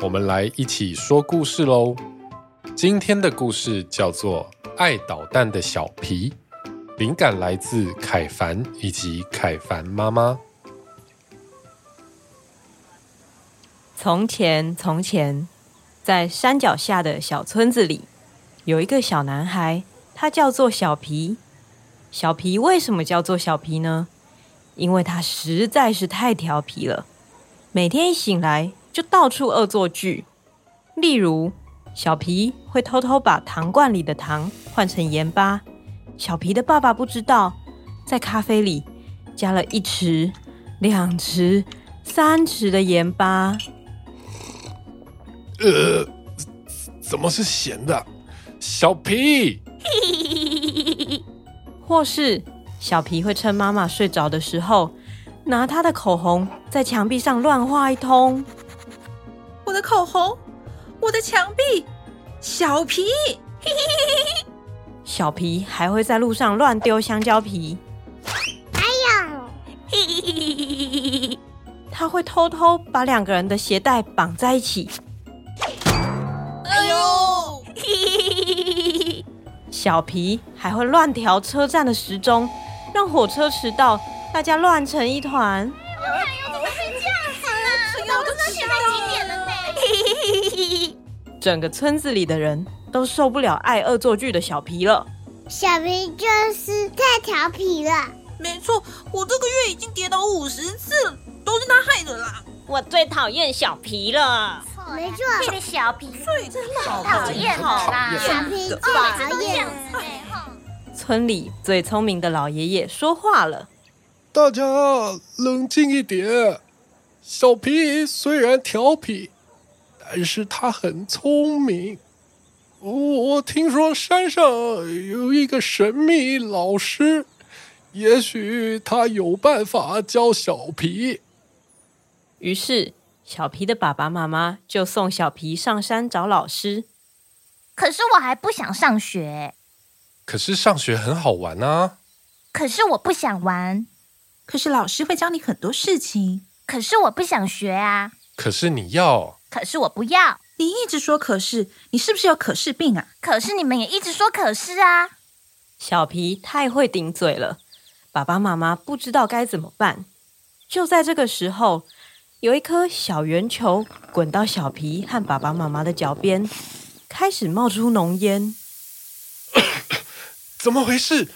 我們來一起說故事嘍！今天的故事叫做《愛搗蛋的小皮》，靈感來自鎧釩以及鎧釩媽媽。從前，從前，在山腳下的小村子裡，有一個小男孩，他叫做小皮。小皮為什麼叫做小皮呢？因為他實在是太調皮了，每天一醒來，就到處惡作劇，例如小皮會偷偷把糖罐裡的糖換成鹽巴，小皮的爸爸不知道，在咖啡裡加了一匙、兩匙、三匙的鹽巴。呃，怎麼是鹹的？小皮。 或是小皮會趁媽媽睡着的時候，拿他的口紅在牆壁上亂畫一通。我的口紅，我的牆壁，小皮， 小皮還會在路上亂丟香蕉皮，哎呦！ 他會偷偷把兩個人的鞋帶綁在一起，哎呦！ 小皮還會亂調車站的時鐘，讓火車遲到，大家亂成一團。整個村子裡的人都受不了愛惡作劇的小皮了。小皮就是太調皮了。沒錯，我這個月已經跌倒五十次，都是他害的啦、啊。我最討厭小皮了。沒錯、啊，小這個小皮，最真的好、啊、討厭小皮、啊，最討，討厭。村裡最聰明的老爺爺說話了：“大家冷靜一點，小皮雖然調皮。”但是他很聰明，我聽說山上有一個神秘老師，也許他有辦法教小皮。於是，小皮的爸爸媽媽就送小皮上山找老師。可是我還不想上學。可是上學很好玩啊。可是我不想玩。可是老師會教你很多事情。可是我不想學啊。可是你要。可是我不要，你一直說可是，你是不是有可是病啊？可是你們也一直說可是啊！小皮太會頂嘴了，爸爸媽媽不知道該怎麼辦。就在這個時候，有一顆小圓球滾到小皮和爸爸媽媽的腳邊，開始冒出濃煙。 怎麼回事？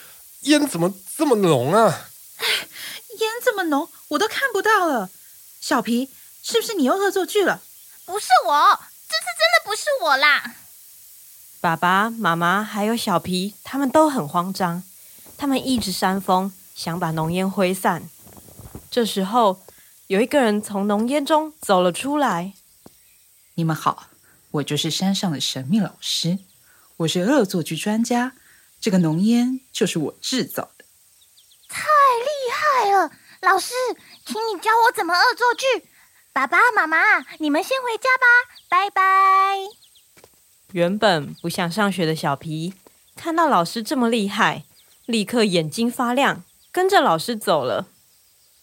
煙怎麼這麼濃啊？哎，煙這麼濃，我都看不到了。小皮，是不是你又惡作劇了？不是我，這次真的不是我啦！爸爸媽媽還有小皮，他們都很慌張，他們一直扇風，想把濃煙揮散。這時候，有一個人從濃煙中走了出來。你們好，我就是山上的神秘老師，我是惡作劇專家。這個濃煙就是我制造的，太厲害了！老師，請你教我怎麼惡作劇。爸爸媽媽，你們先回家吧，拜拜。原本不想上學的小皮，看到老師這麼厲害，立刻眼睛發亮，跟着老師走了。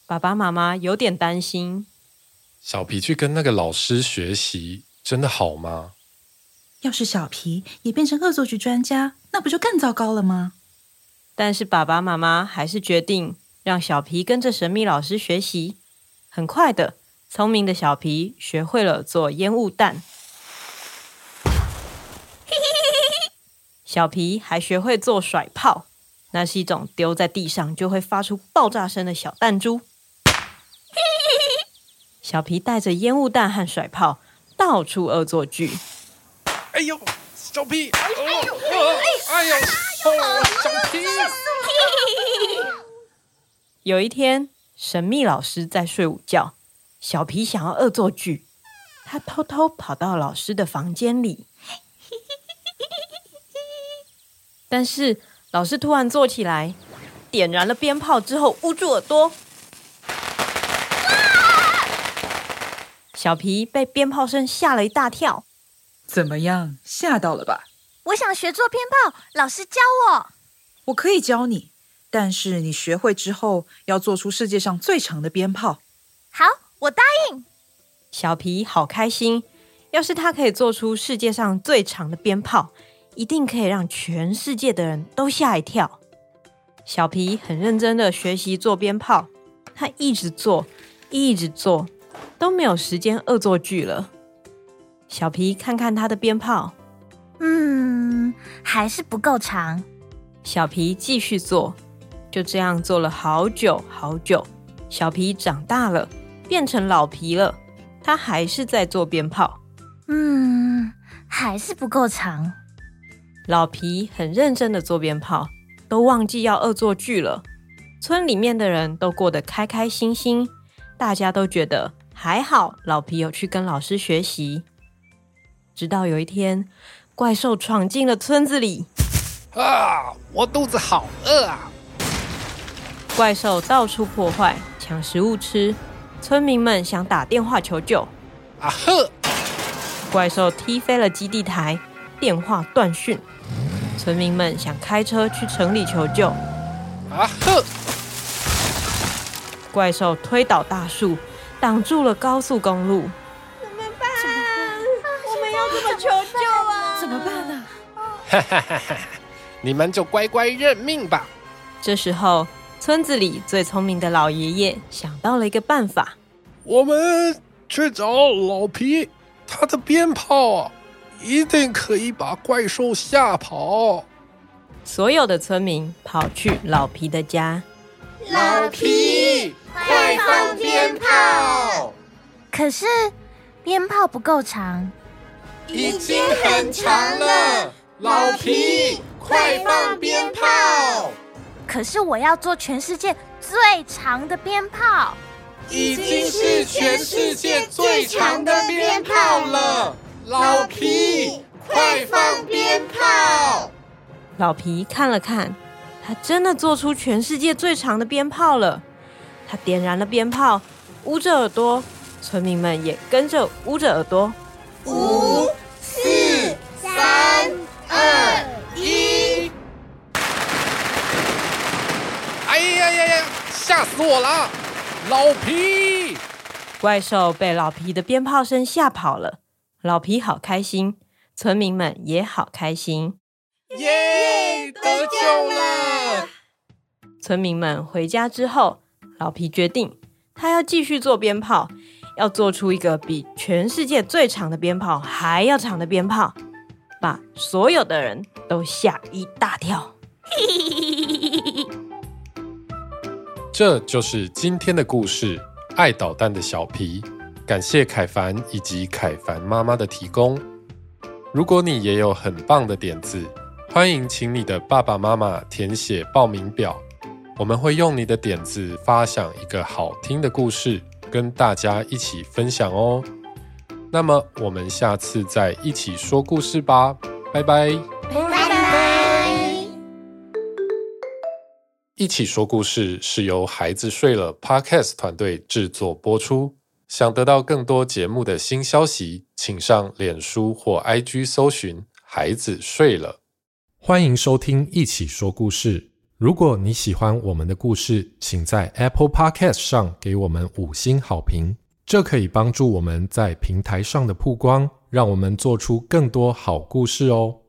爸爸媽媽有點擔心，小皮去跟那個老師學習，真的好嗎？要是小皮也變成惡作劇專家，那不就更糟糕了嗎？但是爸爸媽媽還是決定讓小皮跟着神秘老師學習，很快的。聰明的小皮學會了做煙霧彈，小皮還學會做甩炮，那是一種丟在地上就會發出爆炸聲的小彈珠，小皮帶着煙霧彈和甩炮到處惡作劇，哎呦，小皮，哎呦，哎呦，哎呦，小皮，小皮。有一天，神秘老師在睡午覺。小皮想要惡作劇，他偷偷跑到老師的房間裡， 但是老師突然坐起來，點燃了鞭炮之後捂住耳朵。哇小皮被鞭炮聲嚇了一大跳。怎麼樣？嚇到了吧？我想學做鞭炮，老師教我。我可以教你，但是你學會之後要做出世界上最長的鞭炮。好。我答應小皮，好開心。要是他可以做出世界上最長的鞭炮，一定可以讓全世界的人都嚇一跳。小皮很認真的學習做鞭炮，他一直做，一直做，都沒有時間惡作劇了。小皮看看他的鞭炮，嗯，還是不夠長。小皮繼續做，就這樣做了好久好久。小皮長大了。變成老皮了，他還是在做鞭炮。嗯，還是不夠長。老皮很認真的做鞭炮，都忘記要惡作劇了。村裡面的人都過得開開心心，大家都覺得還好老皮有去跟老師學習。直到有一天，怪獸闖進了村子裡。啊，我肚子好餓啊！怪獸到處破壞，搶食物吃。村民們想打電話求救，啊呵！怪獸踢飛了基地台，電話斷訊。村民們想開車去城裡求救，啊呵！怪獸推倒大樹，擋住了高速公路。怎麼辦？我們要怎麼求救啊？怎麼辦啊？哈哈哈哈！你們就乖乖認命吧。這時候。村子裡最聰明的老爺爺想到了一個辦法，我們去找老皮，他的鞭炮一定可以把怪獸嚇跑。所有的村民跑去老皮的家，老皮，快放鞭炮！可是鞭炮不夠長，已經很長了。老皮，快放鞭炮！可是我要做全世界最長的鞭炮。已經是全世界最長的鞭炮了。小皮，快放鞭炮！小皮看了看，他真的做出全世界最長的鞭炮了。他點燃了鞭炮，捂着耳朵，村民們也跟着捂着耳朵。嗯哎呀呀呀！嚇死我了，小皮！怪獸被小皮的鞭炮聲嚇跑了，小皮好開心，村民們也好開心。耶！得救了！得救了！村民們回家之後，小皮決定，他要繼續做鞭炮，要做出一個比全世界最長的鞭炮還要長的鞭炮，把所有的人都嚇一大跳。 這就是今天的故事，愛搗蛋的小皮。感謝鎧釩以及鎧釩媽媽的提供。如果你也有很棒的點子，歡迎請你的爸爸媽媽填寫報名表。我們會用你的點子發想一個好聽的故事，跟大家一起分享哦。那麼我們下次再一起說故事吧，拜拜。拜拜。一起說故事是由孩子睡了 Podcast 團隊制作播出。想得到更多節目的新消息，請上臉書或 IG 搜尋“孩子睡了”。歡迎收聽一起說故事。如果你喜歡我們的故事，請在 Apple Podcast 上給我們五星好評。這可以幫助我們在平台上的曝光，讓我們做出更多好故事哦。